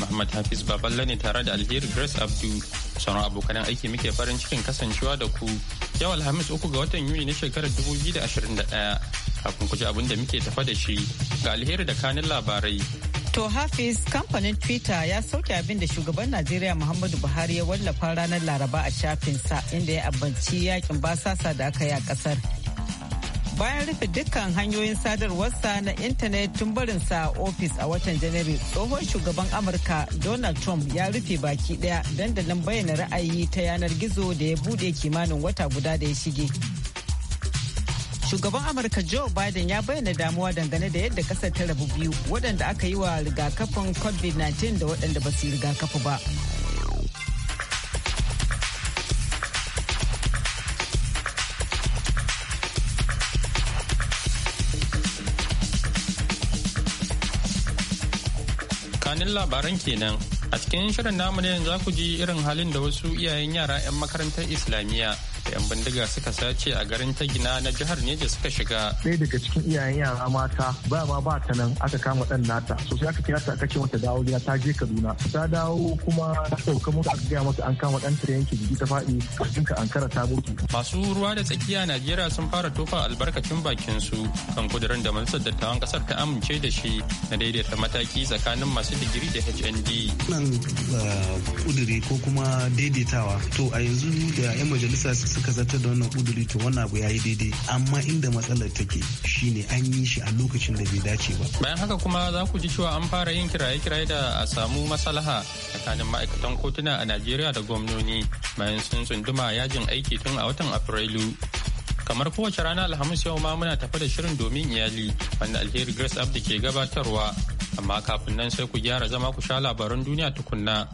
Muhammad Hafiz Baballe ne tare da Alheri Grace Abdu. Sauran abokanan aiki muke farin cikin kasancewa da ku. Yau Alhamis uku ga watan Yuni na shekarar 2021. Kafin ku ji abin da muke tafa da shi ga Alheri da kanin labarai. To Hafiz kamfanin Twitter ya sauke abin da shugaban Najeriya Muhammadu Buhari ya wallafa ranar Laraba a shafinsa inda ya abinci yakin basasa da aka yi a kasar. bayan rufe dukkan hanyoyin sadarwarsa na intanet tun barinsa ofis a watan janairu tsohon shugaban amurka donald trump ya rufe baki daya dandalin bayyana ra'ayi ta yanar gizo da ya bude kimanin wata guda da ya shige shugaban amurka joe biden ya bayyana damuwa dangane da yadda kasar ta rabu biyu waɗanda aka yi wa rigakafin covid-19 da waɗanda ba su yi rigakafi ba kanin labaran kenan a cikin shirin namu ne yanzu ku ji irin halin da wasu iyayen yara 'yan makarantar islamiyya da 'yan bindiga suka sace a garin ta gina na jihar Neja suka shiga. Sai daga cikin iyayen yara mata ba ma ba ta nan aka kama dan nata so sai aka kira ta aka ce mata dawo gida ta je Kaduna ta dawo kuma ta sauka mota aka gaya mata an kama dan ta yanke jiki ta faɗi cikin ka ankara ta mutu. Masu ruwa da tsakiya Najeriya sun fara tofa albarkacin bakin su kan kudirin da majalisar dattawan kasar ta amince da shi na daidaita mataki tsakanin masu digiri da HND. Nan kudiri ah, ko kuma daidaitawa to a yanzu da 'yan majalisa suka zartar da wannan kuduri to wannan abu ya daidai amma inda matsalar take shine an yi shi a lokacin da bai dace ba. Bayan haka kuma za ku ji cewa an fara yin kiraye-kiraye da a samu maslaha tsakanin ma'aikatan kotuna a Najeriya da gwamnoni bayan sun tsunduma yajin aiki tun a watan Afrilu. Kamar kowace rana Alhamis yau ma muna tafi da shirin domin iyali wanda alheri Grace Abdi ke gabatarwa amma kafin nan sai ku gyara zama ku sha labaran duniya tukunna.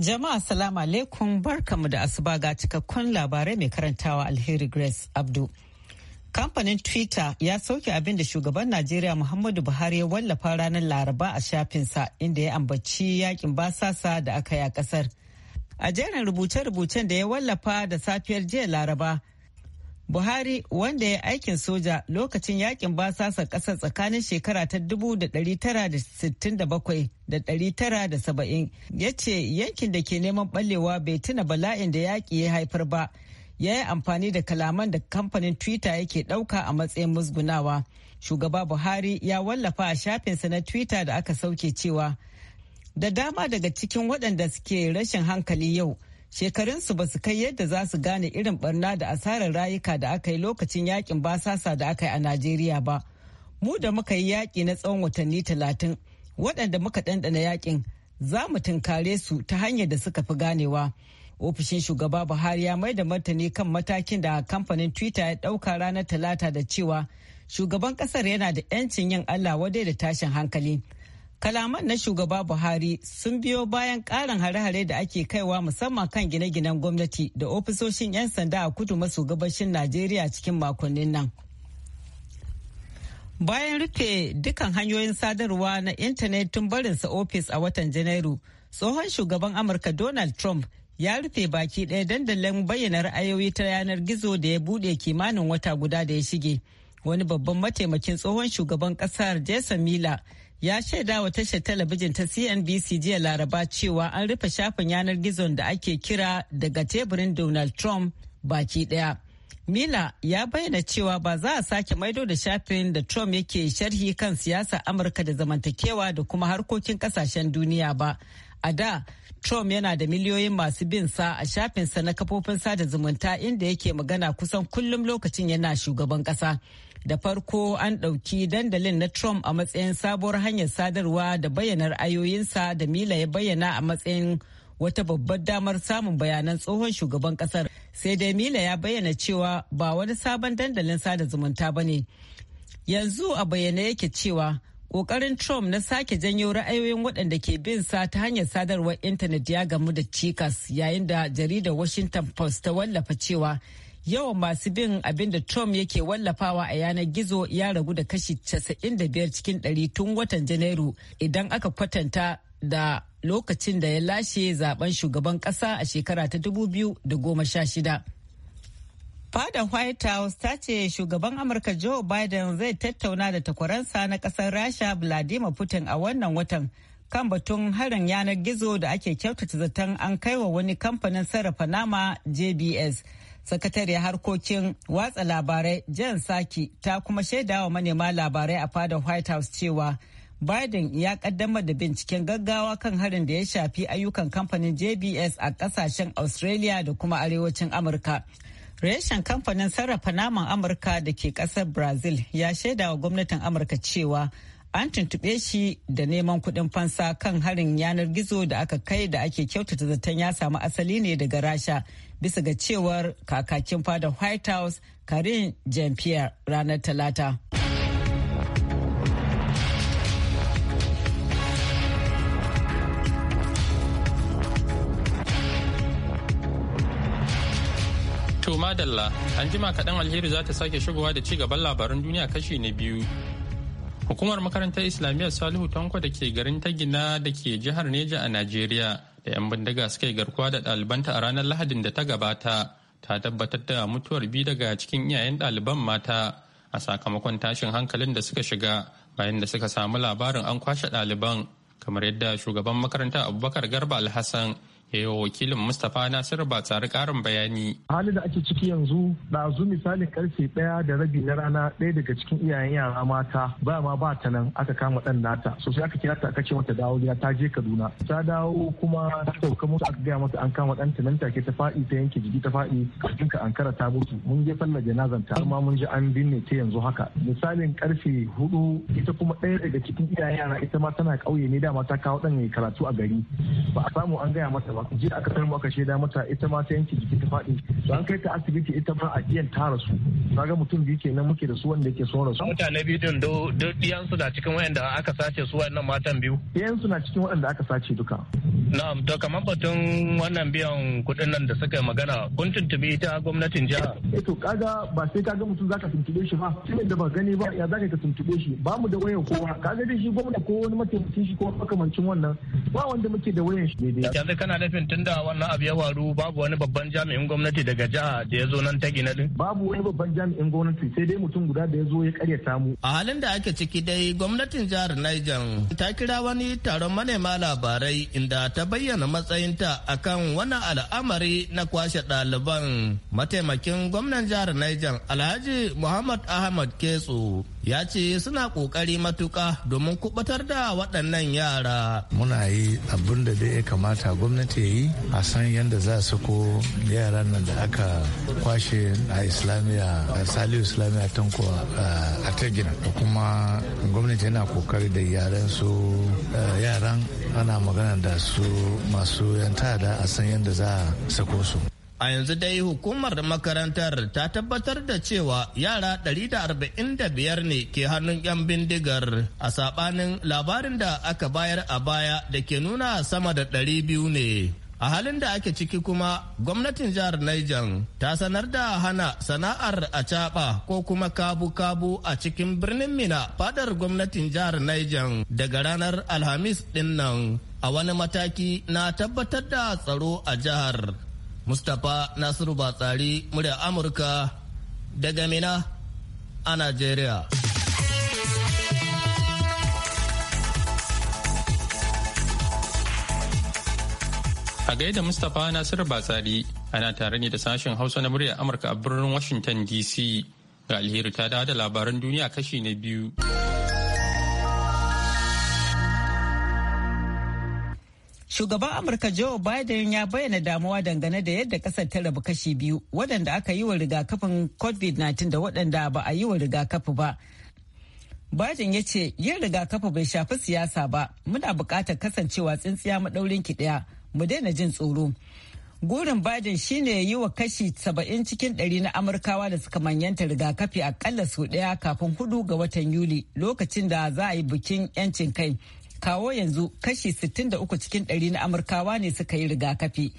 Jama'a salamu alaikum barkamu da asuba ga cikakkun labarai mai karantawa alheri Grace Abdu. Kamfanin Twitter ya sauke abinda shugaban Najeriya Muhammadu Buhari ya wallafa ranar Laraba a shafinsa inda ya ambaci yakin basasa da aka yi a kasar. A jerin rubuce-rubucen da ya wallafa da safiyar jiya Laraba, Buhari wanda ya aikin soja lokacin yakin basasa ƙasar tsakanin shekara ta 1967 da 1970 ya ce yankin da ke neman ɓallewa bai tuna bala'in da yaƙi ya haifar ba ya yi amfani da kalaman da kamfanin Twitter yake ɗauka a matsayin musgunawa. Shugaba Buhari ya wallafa a shafinsa na Twitter da aka sauke cewa da dama daga cikin waɗanda suke rashin hankali yau. shekarunsu ba su kai yadda za su gane irin barna da asarar rayuka da aka yi lokacin yakin basasa da aka yi a najeriya ba mu da muka yi yaƙi na tsawon watanni talatin waɗanda muka ɗanɗana yaƙin za mu tunkare su ta hanyar da suka fi ganewa ofishin shugaba buhari ya mai da martani kan matakin da kamfanin twitter ya ɗauka ranar talata da cewa shugaban ƙasar yana da 'yancin yin allah wadai da tashin hankali Kalaman na shugaba Buhari sun biyo bayan karin hare-hare da ake kaiwa musamman kan gine-ginen gwamnati da ofisoshin 'yan sanda a kudu maso gabashin Najeriya cikin makonnin nan. Bayan rufe dukkan hanyoyin sadarwa na intanet tun barinsa ofis a watan Janairu, tsohon shugaban Amurka Donald Trump ya rufe baki ɗaya dandalin bayyana ra'ayoyi ta yanar gizo da ya buɗe kimanin wata guda da ya shige. Wani babban mataimakin tsohon shugaban ƙasar Jason Miller ya shaida wa tashar talabijin ta CNBC jiya Laraba cewa an rufe shafin yanar gizon da ake kira daga teburin Donald Trump baki daya. Mila ya bayyana cewa ba za a sake maido da shafin da Trump yake sharhi kan siyasa Amurka da zamantakewa da kuma harkokin kasashen duniya ba. A da Trump yana da miliyoyin masu bin sa a shafinsa na kafofin sada zumunta inda yake magana kusan kullum lokacin yana shugaban kasa. Da farko an ɗauki dandalin na Trump a matsayin sabuwar hanyar sadarwa da bayyana ra'ayoyinsa da Mila ya bayyana a matsayin wata babbar damar samun bayanan tsohon shugaban kasar. Sai dai Mila ya bayyana cewa ba wani sabon dandalin sada zumunta ba ne. Yanzu a bayyane yake cewa Ƙoƙarin Trump na sake janyo ra'ayoyin waɗanda ke bin sa ta hanyar sadarwar intanet ya gamu da cikas yayin da jaridar Washington Post ta wallafa cewa yawan masu bin abin da Trump yake wallafawa a yanar gizo ya ragu da kashi 95 cikin 100 tun watan Janairu idan aka kwatanta da lokacin da ya lashe zaben shugaban ƙasa a shekara ta 2016. Fadar White House ta ce shugaban Amurka Joe Biden zai tattauna da takwaransa na ƙasar Rasha Vladimir Putin a wannan watan kan batun harin yanar gizo da ake kyautata zaton an kai wa wani kamfanin sarrafa nama JBS. Sakatariyar harkokin watsa labarai Jan Saki ta kuma shaidawa manema labarai a fadar White House cewa Biden ya kaddamar da binciken gaggawa kan harin da ya shafi ayyukan kamfanin JBS a kasashen Australia da kuma arewacin Amurka. Reshen kamfanin sarrafa naman Amurka da ke kasar Brazil ya shaida wa gwamnatin Amurka cewa an tuntuɓe shi da neman kuɗin fansa kan harin yanar gizo da aka kai da ake kyautata zaton ya samu asali ne daga rasha bisa ga cewar kakakin fadar white house karin jean pierre ranar talata madalla an kaɗan alheri za ta sake shigowa da ci gaban labaran duniya kashi na biyu hukumar makarantar islamiyyar salihu tanko da ke garin tagina da ke jihar neja a najeriya da 'yan bindiga suka yi garkuwa da ɗalibanta a ranar lahadin da ta gabata ta tabbatar da mutuwar biyu daga cikin iyayen ɗaliban mata a sakamakon tashin hankalin da suka shiga bayan da suka samu labarin an kwashe ɗaliban kamar yadda shugaban makarantar abubakar garba alhassan e wakilin mustapha nasir ba tsari karin bayani halin da ake ciki yanzu ɗazu misalin karfe ɗaya da rabi na rana ɗaya daga cikin iyayen yara mata ba ma ba ta nan aka kama ɗan nata sosai aka kira ta aka ce mata dawo gida ta je kaduna ta dawo kuma ta sauka mota aka gaya mata an kama ɗanta nan take ta faɗi ta yanke jiki ta faɗi kafin ka ankara ta mutu mun je sallar janazan ta amma mun ji an binne ta yanzu haka misalin karfe hudu ita kuma ɗaya daga cikin iyayen yara ita ma tana ƙauye ne dama ta kawo ɗan karatu a gari ba a samu an gaya mata ba jiya aka sanar aka shaida mata ita ma ta yanke jiki ta faɗi to an kai ta asibiti ita ma a jiyan ta rasu kaga mutum biyu kenan muke da su wanda ke son rasu mutane biyu din do diyan su na cikin wayanda aka sace su wayannan matan biyu ɗiyan su na cikin wayanda aka sace duka na'am to kamar batun wannan biyan kuɗin nan da suka magana kun tuntubi ta gwamnatin jiha eh to kaga ba sai kaga mutum zaka tuntube shi ba sai da ba gani ba ya zaka ka tuntube shi ba mu da wayan kowa kaga dai shi gwamna ko wani mataimakin shi ko makamancin wannan ba wanda muke da wayan shi daidai yanzu kana da nufin tunda wannan abu ya waru babu wani babban jami'in gwamnati daga jiha da ya zo nan ta gina din? Babu wani babban jami'in gwamnati sai dai mutum guda da ya zo ya karyata mu. A halin da ake ciki dai gwamnatin jihar Niger ta kira wani taron manema labarai inda ta bayyana matsayinta akan wannan al'amari na kwashe ɗaliban. Mataimakin gwamnan jihar Niger Alhaji Muhammad Ahmad Ketso ya ce suna kokari matuka domin kubatar da waɗannan yara. Muna yi abin da ya kamata gwamnati ya yi a san yadda za su ko yaran nan da aka kwashe a Islamiyya Saliu Islamiyya ko eh, a Tagina da kuma gwamnati yana kokari da yaran su eh, yaran ana magana da su masu yan tada a san yadda za a sako su. A yanzu dai hukumar makarantar ta tabbatar da cewa yara 145 ne ke hannun 'yan bindigar a sabanin labarin da aka bayar a baya da ke nuna sama da 200 ne. A halin da ake ciki kuma gwamnatin jihar Niger ta sanar da hana sana'ar a caba ko kuma kabu-kabu a cikin birnin Mina fadar gwamnatin jihar Niger daga ranar Alhamis ɗinnan a wani mataki na tabbatar da tsaro a jihar. Mustapha Nasiru Batsari murya Amurka daga Mina a Najeriya. A gaida Mustapha Nasiru Batsari ana tare ne da sashen Hausa na murya Amurka a birnin Washington DC ga alheri ta dawo da labaran duniya kashi na biyu. Shugaban Amurka Joe Biden ya bayyana damuwa dangane da yadda kasar ta rabu kashi biyu waɗanda aka yi wa rigakafin COVID-19 da waɗanda ba a yi wa rigakafi ba. Biden ya ce yin rigakafi bai shafi siyasa ba muna buƙatar kasancewa tsintsiya maɗaurin ki ɗaya mu daina jin tsoro. Gurin Biden shine yi wa kashi saba'in cikin 100 na Amurkawa da suka manyanta rigakafi akalla sau ɗaya kafin hudu ga watan Yuli lokacin da za a yi bikin 'yancin kai. kawo yanzu kashi 63 cikin ɗari na amurkawa ne suka yi rigakafi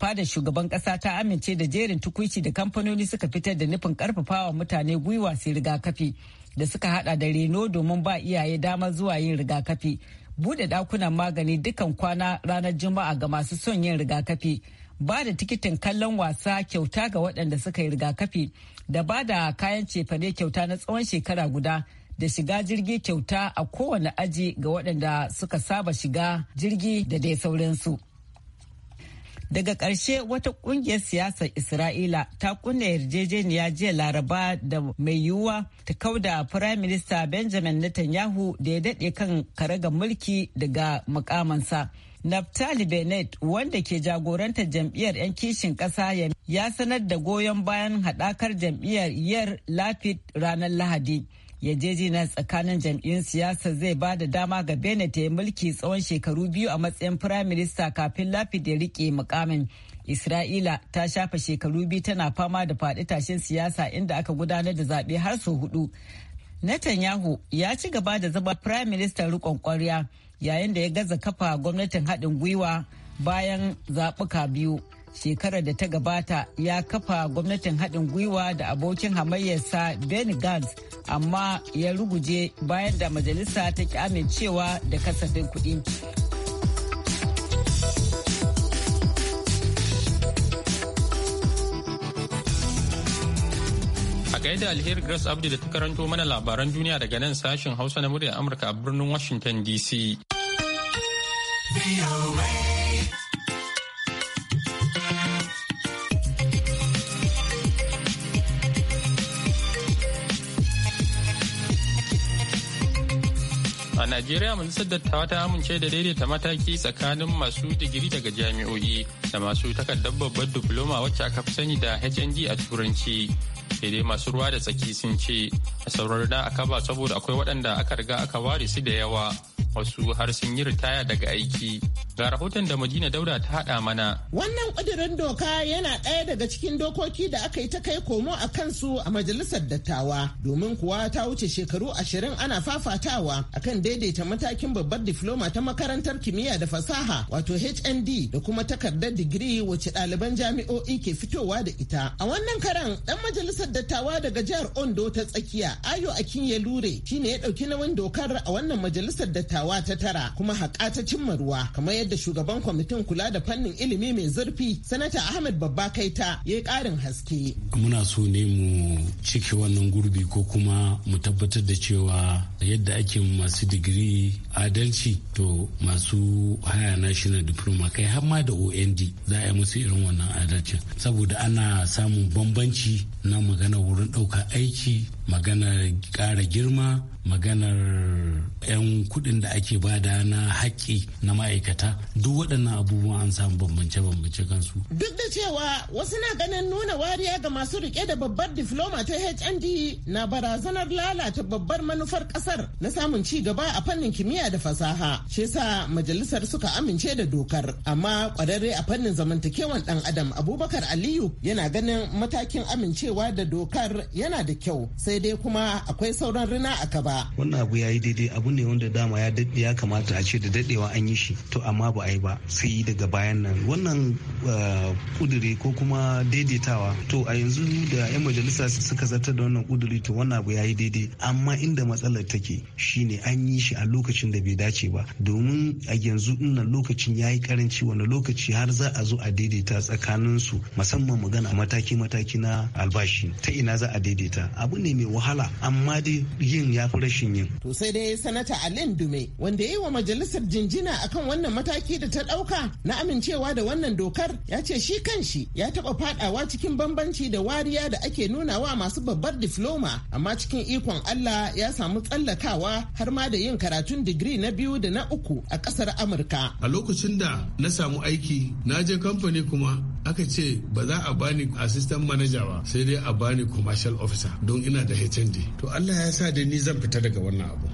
fadar shugaban kasa ta amince da jerin tukuici da kamfanoni suka fitar da nufin karfafawa mutane gwiwa su rigakafi da suka hada da reno domin ba iyaye damar zuwa yin rigakafi bude dakunan magani dukan kwana ranar juma'a ga masu son yin rigakafi ba da tikitin kallon wasa kyauta ga waɗanda suka yi rigakafi da ba da kayan cefane kyauta na tsawon shekara guda da shiga jirgi kyauta a kowane aji ga waɗanda suka saba shiga jirgi da dai sauransu. Daga ƙarshe wata ƙungiyar siyasar Isra'ila ta kunna yarjejeniya jiya laraba da mai yiwuwa ta da Firayim Minista Benjamin Netanyahu da ya daɗe kan kare ga mulki daga mukamansa. Naftali Bennett wanda ke jagorantar jam'iyyar 'yan kishin ƙasa ya sanar da goyon bayan haɗakar jam'iyyar yar Lapid ranar Lahadi. na tsakanin jam'iyyun siyasa zai ba da dama ga bene ta yi mulki tsawon shekaru biyu a matsayin prime minister kafin lafid ya rike mukamin isra'ila ta shafa shekaru biyu tana fama da faɗi tashin siyasa inda aka gudanar da zaɓe har sau hudu netanyahu ya ci gaba da zama prime minister rikon kwarya yayin da ya gaza kafa gwamnatin haɗin gwiwa bayan zaɓuka biyu shekarar da ta gabata ya kafa gwamnatin haɗin gwiwa da abokin hamayyarsa Benny Gantz amma ya ruguje bayan da majalisa ta ki amincewa da kasafin kuɗi. A da alheri Grace Abdi da ta karanto mana labaran duniya daga nan sashen Hausa na muryar Amurka a birnin Washington DC. A Najeriya majalisar dattawa ta amince da daidaita mataki tsakanin masu digiri daga jami'o'i da masu takardar babbar diploma wacce aka fi sani da HND a turanci. Daidai masu ruwa da tsaki sun ce a saurar da aka ba saboda akwai waɗanda aka riga aka ware su da yawa wasu har sun yi ritaya daga aiki Ga rahoton da Madina Dauda ta haɗa mana. Wannan ƙudurin doka yana ɗaya daga cikin dokoki da aka yi ta kai komo a kansu a majalisar dattawa domin kuwa ta wuce shekaru ashirin ana fafatawa akan daidaita matakin babbar difloma ta makarantar kimiyya da fasaha wato HND da kuma takardar digiri wacce ɗaliban jami'o'i ke fitowa da ita. A wannan karan ɗan majalisar dattawa daga jihar Ondo ta tsakiya Ayo Akinye Lure shine ya ɗauki nauyin dokar a wannan majalisar dattawa ta tara kuma haƙa ta cimma ruwa kamar yadda shugaban kwamitin kula da fannin ilimi mai zurfi sanata ahmed babba kaita ya yi karin haske muna so ne mu cike wannan gurbi ko kuma mu tabbatar da cewa yadda ake masu digiri adalci to masu haya national diploma kai har ma da ond za a yi musu irin wannan adalci saboda ana samun bambanci na magana wurin ɗaukar aiki maganar ƙara girma maganar 'yan kuɗin da ake bada na haƙƙi na ma'aikata duk waɗannan abubuwan an samu bambance-bambance kansu. Duk da cewa wasu na ganin nuna wariya ga masu rike da babbar difloma ta HND na barazanar lalata babbar manufar ƙasar na samun ci gaba a fannin kimiyya da fasaha. Shi yasa majalisar suka amince da dokar amma ƙwararre a fannin zamantakewan ɗan adam Abubakar Aliyu yana ganin matakin amincewa da dokar yana da kyau sai daidai kuma akwai sauran rina a gaba. Wannan abu ya yi daidai abu ne wanda dama ya daɗe ya kamata a ce da daɗewa an yi shi to amma ba a yi ba sai daga bayan nan wannan kuduri eh, ko kuma daidaitawa to a yanzu da 'yan majalisa suka zartar da wannan kuduri to wannan abu ya yi daidai amma inda matsalar take ne an yi shi a lokacin da bai dace ba domin a yanzu nan lokacin ya yi karanci wani lokaci har za a zo a daidaita tsakanin su musamman magana mataki-mataki na albashi ta ina za a daidaita abu ne mai mai wahala amma dai yin ya fi rashin yin. To sai dai sanata Alin Dume wanda ya yi wa majalisar jinjina akan wannan mataki da ta ɗauka na amincewa da wannan dokar ya ce shi kanshi ya taɓa faɗawa cikin bambanci da wariya da ake nuna wa masu babbar difloma amma cikin ikon Allah ya samu tsallakawa har ma da yin karatun digiri na biyu da na uku a ƙasar Amurka. A lokacin da na samu aiki na je kamfani kuma aka ce ba za a bani assistant manager ba sai dai a bani commercial officer don ina da HND to Allah ya sa da ni zan fita daga wannan abu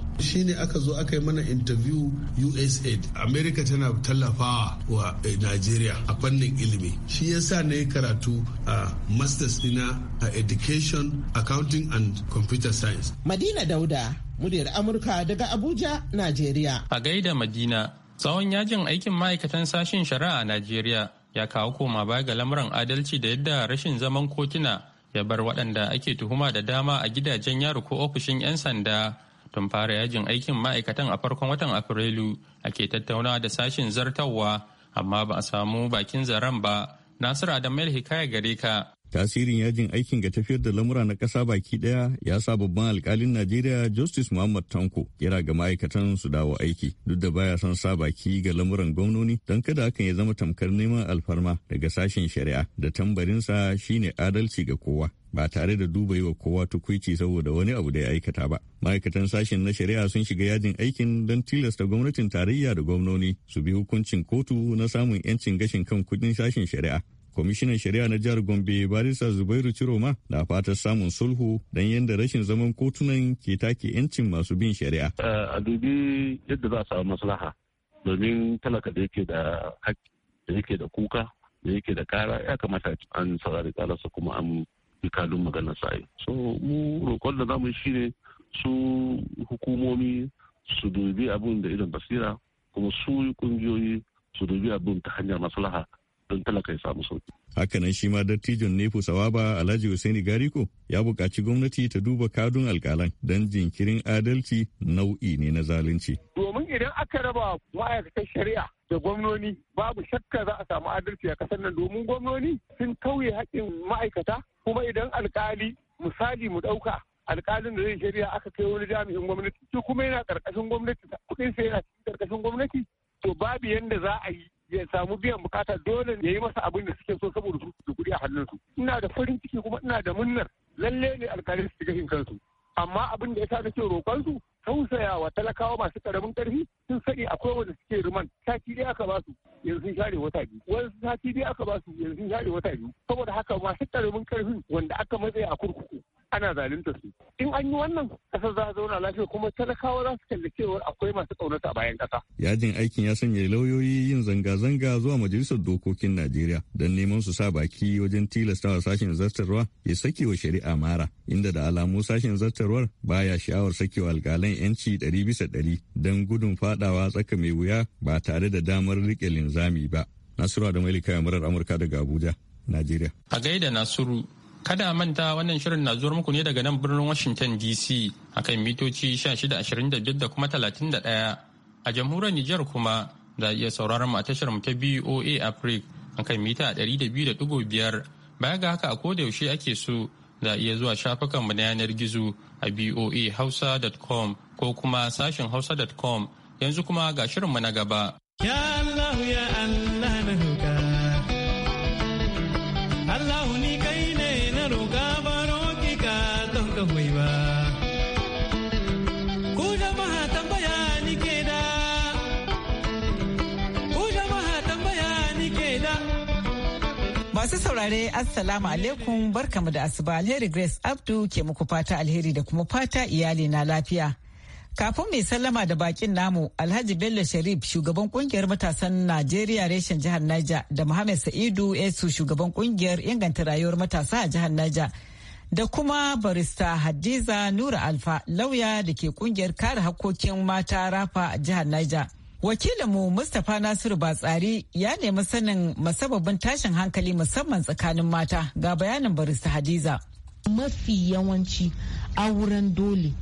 ne aka zo aka yi mana interview USAID America tana tallafawa wa eh, Nigeria a fannin ilimi shi ya sa na yi karatu a masters dina a education accounting and computer science Madina Dauda muryar Amurka daga Abuja Nigeria a gaida Madina tsawon yajin aikin ma'aikatan sashen shari'a a Najeriya ya kawo koma baya ga lamuran adalci da yadda rashin zaman kotuna ya bar waɗanda ake tuhuma da dama a gidajen yaro ko ofishin 'yan sanda tun fara yajin aikin ma'aikatan a farkon watan afrilu ake tattaunawa da sashin zartawa amma ba a samu bakin zaren ba nasiru adamu hikaya gare ka tasirin yajin aikin ga tafiyar da lamura na ƙasa baki ɗaya ya sa babban alkalin najeriya justice muhammad tanko kira ga ma'aikatan su dawo aiki duk da baya son sa baki ga lamuran gwamnoni don kada hakan ya zama tamkar neman alfarma daga sashen shari'a da tambarinsa shine adalci ga kowa ba tare da duba yi wa kowa tukwici saboda wani abu da ya aikata ba. Ma'aikatan sashen na shari'a sun shiga yajin aikin don tilasta gwamnatin tarayya da gwamnoni su bi hukuncin kotu na samun 'yancin gashin kan kudin sashen shari'a kwamishinan shari'a na jihar gombe barisa zubairu ciroma na fatar samun sulhu don yadda rashin zaman kotunan ke take 'yancin masu bin shari'a eh, a dubi yadda za a samu maslaha domin talaka da yake da haƙƙi da yake da kuka da yake da kara ya kamata an saurari kalarsa kuma an yi kalun maganar sa so mu roƙon da zamu shi ne su hukumomi su dubi abin da irin basira kuma su kungiyoyi su dubi abin ta hanyar maslaha talaka samu sauki. Hakanan shi ma dattijon Nefu Sawaba Alhaji Hussaini Gariko ya buƙaci gwamnati ta duba kadun alƙalan don jinkirin adalci nau'i ne na zalunci. Domin idan aka raba ma'aikatan shari'a da gwamnoni babu shakka za a samu adalci a kasar nan domin gwamnoni sun kauye haƙƙin ma'aikata kuma idan alƙali misali mu ɗauka alƙalin da zai shari'a aka kai wani jami'in gwamnati shi kuma yana ƙarƙashin gwamnati kuɗin sai yana cikin ƙarƙashin gwamnati to babu yadda za a yi ya samu biyan bukata dole ya yi masa abin da suke so saboda su da kuɗi a hannunsu ina da farin ciki kuma ina da munnar lalle ne alkalin su ga kansu amma abin da ya sa nake roƙon su tausayawa talakawa masu ƙaramin ƙarfi sun sani akwai wanda suke ruman. sati dai aka ba su yanzu sun share wata biyu wani sati dai aka ba su yanzu sun share wata biyu saboda haka masu ƙaramin ƙarfin. wanda aka matsaya a kurkuku ana zalunta su in an yi wannan kasar za a zauna lafiya kuma talakawa za su kalli cewa akwai masu tsaunata a bayan ƙasa. yajin aikin ya sanya lauyoyi yin zanga-zanga zuwa majalisar dokokin najeriya don neman su sa baki wajen tilastawa sashen zartarwa ya saki wa shari'a mara inda da alamu sashen zartarwar baya sha'awar sakewa alƙalan yanci ɗari bisa ɗari don gudun faɗawa tsaka mai wuya ba tare da damar riƙe linzami ba. Nasiru da Mailika murar Amurka daga Abuja, Najeriya. A gaida Nasiru Kada manta wannan shirin na zuwar muku ne daga nan birnin Washington DC akan mitoci 1625 da kuma 31 a jamhuriyar Nijar kuma za iya sauraron mu a tashar mu ta BOA Africa kan mita 200.5 baya ga haka a koda yaushe ake so za iya zuwa shafukan mu na yanar gizo a boahausa.com ko kuma sashin hausa.com yanzu kuma ga shirin mu na gaba. Masu saurare Assalamu alaikum barkamu da asuba alheri Grace Abdu ke muku fata alheri da kuma fata iyali na lafiya. Kafin mai sallama da bakin namu Alhaji Bello Sharif shugaban kungiyar matasan Najeriya reshen jihar Naja, da Muhammad Sa'idu Esu shugaban kungiyar inganta rayuwar matasa a jihar Naja, da kuma barista Hadiza Nura Alfa lauya da ke kungiyar kare hakkokin mata rafa a jihar Naja. Wakilinmu Mustapha Nasiru Batsari ya nemi sanin masababin tashin hankali musamman tsakanin mata ga bayanin barista Hadiza. Mafi yawanci auren dole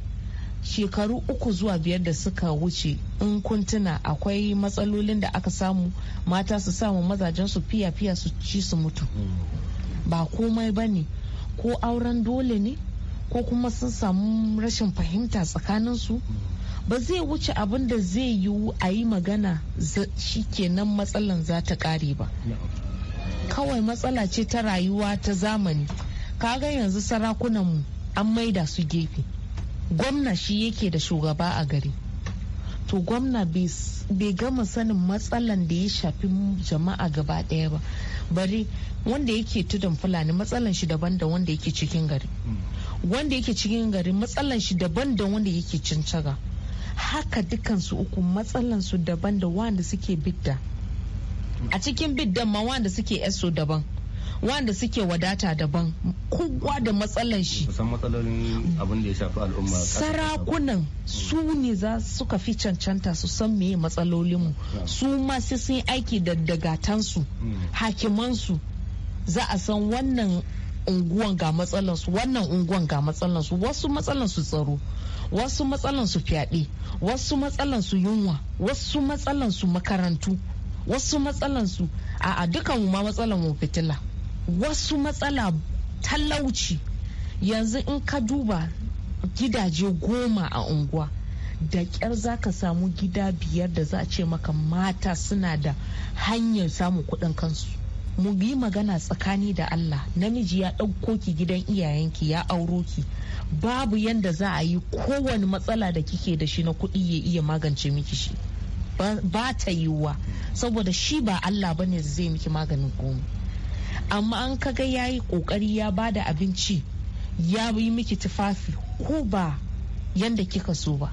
shekaru uku zuwa biyar da suka wuce in kuntuna akwai matsalolin da aka samu mata su samu mazajen su fiya-fiya su ci su mutu. Ba komai ba ne ko auren dole ne ko kuma sun samu rashin fahimta tsakaninsu. su. ba zai wuce abin da zai yiwu a yi magana shikenan matsalan za ta kare ba kawai matsala ce ta rayuwa ta zamani kaga yanzu sarakunanmu an maida su gefe gwamna shi yake da shugaba a gari to gwamna bai gama sanin matsalan da ya shafi jama'a gaba daya ba bari wanda yake tudun fulani matsalan shi daban da wanda yake cikin gari mm. wanda yake cikin gari matsalan shi daban da wanda yake cincaga haka dukansu uku matsalansu daban da wanda suke bidda a cikin biddan ma wanda suke eso daban wanda suke wadata daban kowa da matsalan shi matsalolin abin da ya shafi al'umma sarakunan su ne za suka fi cancanta su san meye matsalolinmu hmm. su ma sai sun aiki da dagatansu hmm. hakimansu za a san wannan unguwan ga matsalansu wannan unguwan ga matsalansu wasu matsalansu tsaro wasu matsalan su fyaɗe wasu matsalan su yunwa wasu matsalan su makarantu wasu matsalan su a dukan ma matsalan mu fitila wasu matsala talauci yanzu in ka duba gidaje goma a unguwa da ƙyar za ka samu gida biyar da za a ce maka mata suna da hanyar samun kuɗin kansu mu yi magana tsakani da Allah namiji ya ɗauko ki gidan iyayenki ya auro ki babu yanda za a yi kowane matsala da kike da shi na kuɗi ya iya magance miki shi ba ta yiwuwa saboda shi ba Allah bane zai miki maganin komai amma an kaga ya yi kokari ya bada abinci ya yi miki tufafi ko ba yanda kika so ba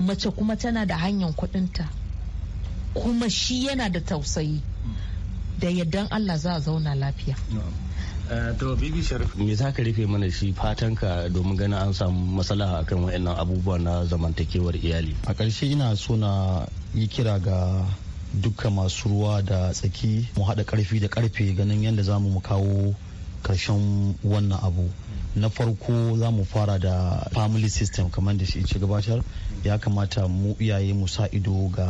mace kuma tana da hanyar ta kuma shi yana da tausayi da yardan Allah za a zauna lafiya. Eh, to Bibi Sharif. Me za ka rufe mana shi ka domin ganin an samu a akan waɗannan abubuwa na zamantakewar iyali. A ƙarshe ina so na yi kira ga dukkan masu ruwa da tsaki mu haɗa ƙarfi da ƙarfe ganin yadda za mu kawo ƙarshen wannan abu. Na farko za mu fara da family system kamar da shi ce gabatar ya kamata mu iyaye mu sa ido ga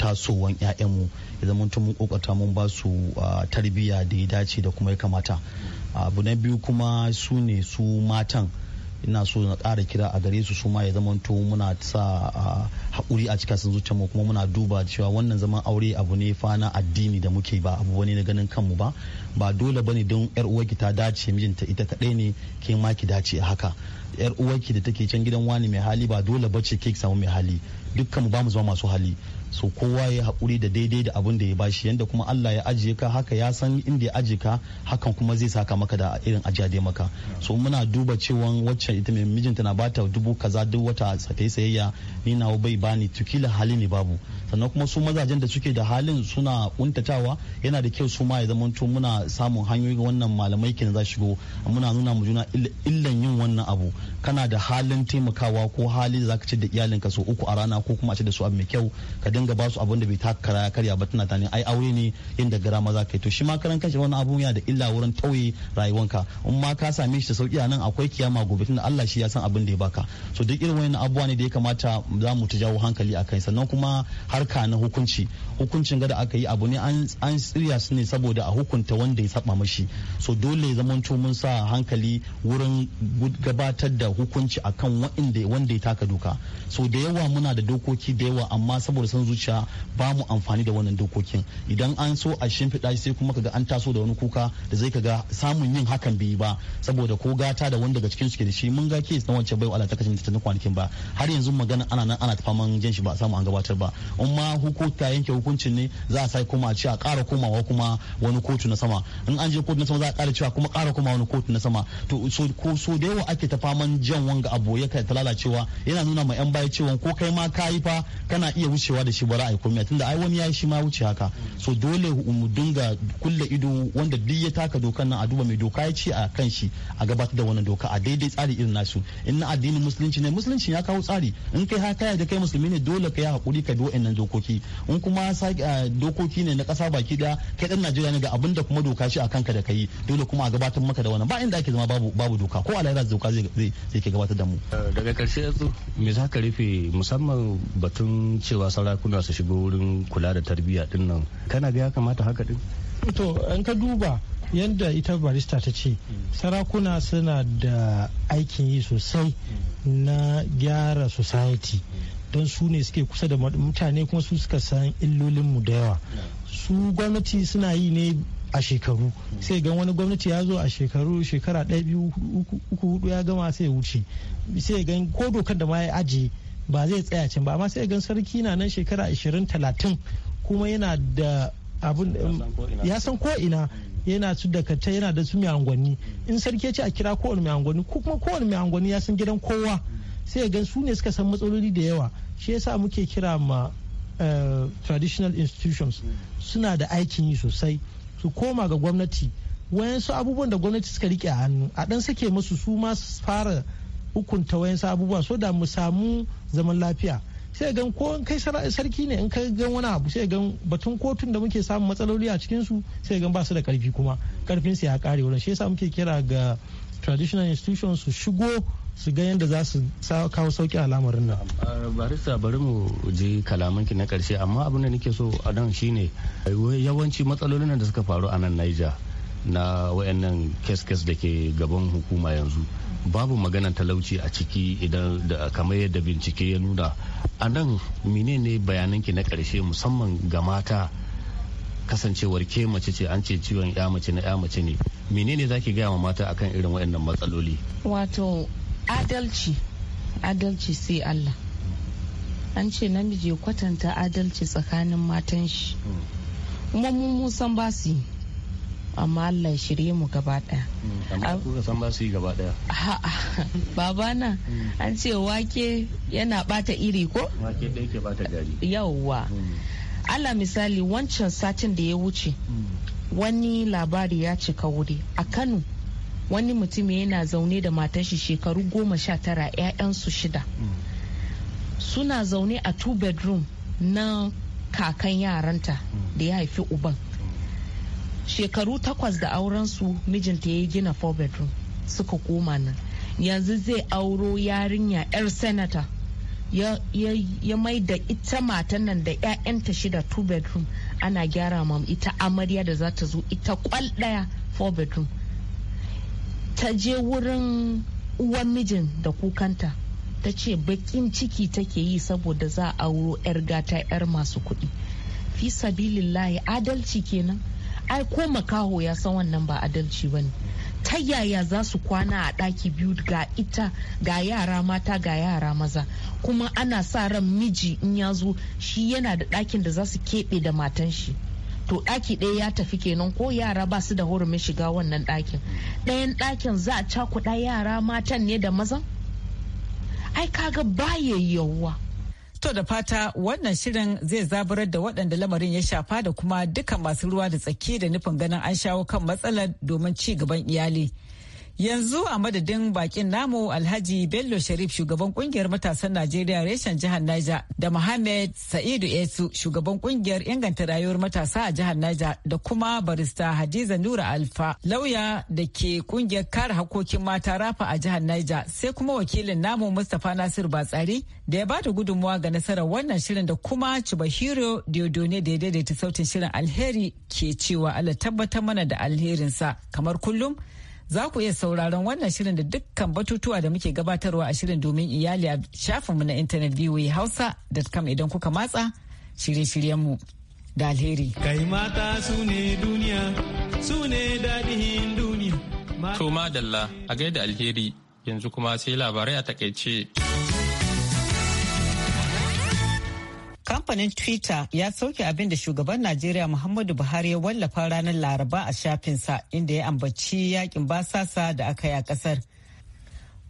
tasowan 'ya'yanmu ya zama mun kokata mun ba su tarbiyya da ya dace da kuma ya kamata abu na biyu kuma su ne su matan ina so na kara kira a gare su suma ya zamanto muna sa haƙuri a cikin sun mu kuma muna duba cewa wannan zaman aure abu ne fa na addini da muke ba abu wani na ganin kanmu ba ba dole bane don yar uwarki ta dace mijinta ita kaɗai ne ke ma ki dace haka yar uwarki da take can gidan wani mai hali ba dole bace ke samu mai hali dukkanmu ba mu zama masu hali so kowa ya haƙuri da daidai da abin da ya bashi yanda kuma Allah ya ajiye ka haka ya san inda ya ajiye ka hakan kuma zai saka maka da irin ajiya da maka so muna duba cewa wacce ita mai mijinta na bata dubu kaza duk wata ta sayayya ni nawo bai bani tukila hali ne babu sannan kuma su mazajen da suke da halin suna kuntatawa yana da kyau su ma ya zamanto muna samun hanyoyi wannan malamai kenan za shigo muna nuna mu juna illan yin wannan abu kana da halin taimakawa ko hali da zaka ci da iyalinka so uku a rana ko kuma a ce da su abu mai kyau ka dinga ba su abin da bai taka karya ba tana tani ai aure ne inda gara maza kai to shi ma karan kashe wani abu yana da illa wurin tauye rayuwanka in ma ka same shi da sauki a nan akwai kiyama gobe tunda Allah shi ya san abin da ya baka so duk irin wannan abubuwa ne da ya kamata za mu ta jawo hankali a kai sannan kuma harka na hukunci hukuncin ga da aka yi abu ne an tsirya su ne saboda a hukunta wanda ya saba mashi so dole ya zamanto mun sa hankali wurin gabatar da hukunci akan wanda ya taka doka so da yawa muna da dokoki da yawa amma saboda sun zuciya ba mu amfani da wannan dokokin idan an so a shimfiɗa sai kuma ka kaga an taso da wani kuka da zai ka ga samun yin hakan bai ba saboda ko gata da wanda daga cikin su ke da shi mun ga ke na wancan baiwa Allah ta kasance kwanakin ba har yanzu magana ana nan ana faman jin shi ba samu an gabatar ba in ma hukunta yanke hukuncin ne za a sai kuma a ce a ƙara komawa kuma wani kotu na sama in an je kotu na sama za a ƙara cewa kuma ƙara komawa wani kotu na sama to ko so da yawa ake ta man jan wanga abu ya ta lalacewa yana nuna ma yan baya cewa ko kai ma yi fa kana iya wucewa da shi bara a yi komai tunda ai wani ya shi ma wuce haka so dole mu dinga kulle ido wanda duk ya taka dokan nan a duba mai doka ya ce a kan shi a gabatar da wannan doka a daidai tsari irin nasu in na addinin musulunci ne musulunci ya kawo tsari in kai haka ya da kai musulmi ne dole ka yi hakuri ka bi wa'annan dokoki in kuma dokoki ne na kasa baki daya kai dan Najeriya ne ga abin da kuma doka shi a kanka da kai dole kuma a gabatar maka da wannan ba inda ake zama babu babu doka ko a lahira doka zai ke gabatar da mu daga karshe yanzu me za ka rufe musamman batun cewa sarakuna suna su shiga wurin kula da tarbiyya din nan kana ga ya kamata haka din to an ka duba yadda ita barista ta ce sarakuna suna da aikin yi sosai na gyara society don su ne suke kusa da mutane kuma su suka san illolinmu da yawa su gwamnati suna yi ne a shekaru sai ga wani gwamnati ya zo a shekaru shekara ɗaya biyu uku hudu ya gama sai wuce sai ga ko dokar da ma ya aji. ba zai tsaya can ba amma sai gan sarki na nan shekara 20 30 kuma yana da abun ya san ko ina yana su dakata yana da su mai angwanni in sarki ya ce a kira kowane mai angwanni ko kuma kowane mai angwanni ya san gidan kowa sai gan su ne suka san matsaloli da yawa shi yasa muke kira ma eh, traditional institutions suna da aikin yi sosai su koma ga gwamnati wayansu abubuwan da gwamnati suka rike a hannu a dan sake masu su ma su fara hukunta wayansu abubuwa so da mu samu zaman lafiya sai gan ko kai sarki ne in kai gan wani abu sai gan batun kotun da muke samun matsaloli a cikin su sai gan ba su da karfi kuma karfin su ya kare wurin shi yasa muke kira ga traditional institutions su shigo su ga yadda za su kawo sauki a lamarin nan. Ah, barista bari mu je kalamanki na karshe amma abin da nake so a nan shine yawanci matsalolin da suka faru a nan Niger na wayannan kes-kes da ke gaban hukuma yanzu babu maganan talauci a ciki idan da kamar yadda bincike ya nuna a nan menene bayananki na karshe musamman ga mata kasancewar ke mace ce an ce ciwon ya mace na ya mace ne menene ki gaya ma mata akan irin waɗannan matsaloli wato adalci adalci sai Allah an ce namiji kwatanta adalci tsakanin matan shi hmm. kuma mun san basu yi amma Allah shirye mu gaba daya mm, amma kuka san ba su yi gaba daya babana mm. an ce wake yana bata iri ko wake da yake bata gari yawwa mm. Allah misali wancan satin da ya wuce wani labari ya cika wuri a Kano wani mutum yana zaune da matan shi shekaru goma sha tara 'ya'yansu shida suna zaune a two bedroom na kakan yaranta da ya haifi uban shekaru takwas da aurensu mijinta ya yi gina four bedroom suka koma nan yanzu zai auro yarinya 'yar senator ya, mai da ita matan nan da 'ya'yanta shida two bedroom ana gyara ma ita amarya da za ta zo ita kwal daya four bedroom ta je wurin uwan mijin da kukanta ta ce bakin ciki take yi saboda za a auro 'yar gata 'yar masu kuɗi fi sabilillahi adalci kenan ai ko makaho ya san wannan ba adalci ba ne ta yaya za su kwana a ɗaki biyu ga ita ga yara mata ga yara maza kuma ana sa ran miji in ya zo shi yana da ɗakin da za su keɓe da matan shi to ɗaki ɗaya ya tafi kenan ko yara ba su da hurumin shiga wannan ɗakin ɗayan ɗakin za a cakuɗa yara matan ne da mazan ai kaga baye yawwa To da fata wannan shirin zai zaburar da waɗanda lamarin ya shafa da kuma duka masu ruwa da tsaki da nufin ganin an shawo kan matsalar domin ci gaban iyali. Yanzu a madadin bakin namu Alhaji Bello Sharif shugaban kungiyar matasan Najeriya reshen jihar Niger da Mohammed Sa'idu Esu shugaban kungiyar inganta rayuwar matasa a jihar Niger da kuma barista Hadiza Nura Alfa lauya da ke kungiyar kare hakokin mata rafa a jihar Niger sai kuma wakilin namu Mustapha Nasir Batsari da ya bada gudunmuwa ga nasarar wannan shirin da kuma Chibahiro Diodone da ya daidaita sautin shirin alheri ke cewa Allah tabbatar mana da alherinsa kamar kullum. za ku iya sauraron wannan shirin da dukkan batutuwa da muke gabatarwa a shirin domin iyali a shafinmu na intanet hausa da kam idan kuka matsa shirye-shiryenmu da alheri. Kai mata su ne duniya, su ne daɗin duniya. To madalla a gaida alheri yanzu kuma sai labarai a takaice. Kamfanin Twitter ya sauke abin da shugaban Najeriya Muhammadu Buhari ya wallafa ranar Laraba a shafinsa inda ya ambaci yakin basasa da aka yi a kasar.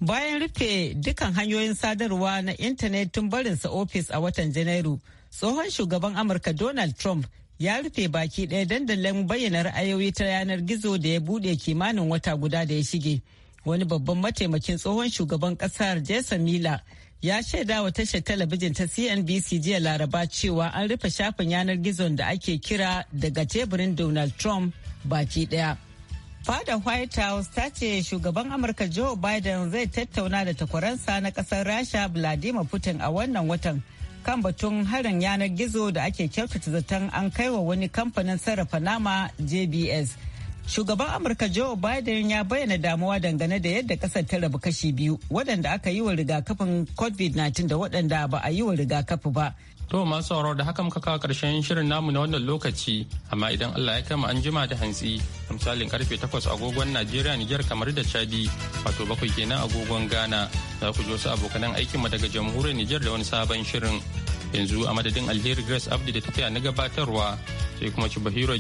Bayan rufe dukkan hanyoyin sadarwa na intanet tun barinsa ofis a watan Janairu, tsohon shugaban Amurka Donald Trump ya rufe baki ɗaya dandalin bayyana ra'ayoyi ta yanar gizo da ya buɗe kimanin wata guda da ya shige. Wani babban mataimakin tsohon shugaban ƙasar Jason Miller ya shaida wa tashar talabijin ta CNBC jiya Laraba cewa an rufe shafin yanar gizon da ake kira daga teburin Donald Trump baki daya. Fada White House ta ce shugaban Amurka Joe Biden zai tattauna da takwaransa na kasar Rasha Vladimir Putin a wannan watan kan batun harin yanar gizo da ake kyautata zaton an kaiwa wani kamfanin sarrafa nama JBS. Shugaban Amurka Joe Biden ya bayyana damuwa dangane da yadda kasar ta rabu kashi biyu waɗanda aka yi wa rigakafin COVID-19 da waɗanda ba a yi wa rigakafi ba. To masu sauraro da haka muka kawo karshen shirin namu na wannan lokaci amma idan Allah ya kama an jima da hantsi misalin karfe 8 agogon Najeriya niger kamar da Chadi wato bakwai kenan agogon Ghana za ku ji wasu abokanan aikinmu daga jamhuriyar niger da wani sabon shirin yanzu a madadin alheri grace abdi da tafiya na gabatarwa sai kuma ci bahiro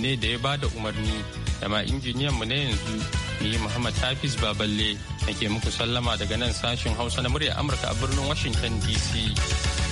ne da ya bada umarni da ma injiniyan mu na yanzu ni muhammad hafiz baballe nake muku sallama daga nan sashen hausa na murya amurka a birnin washington dc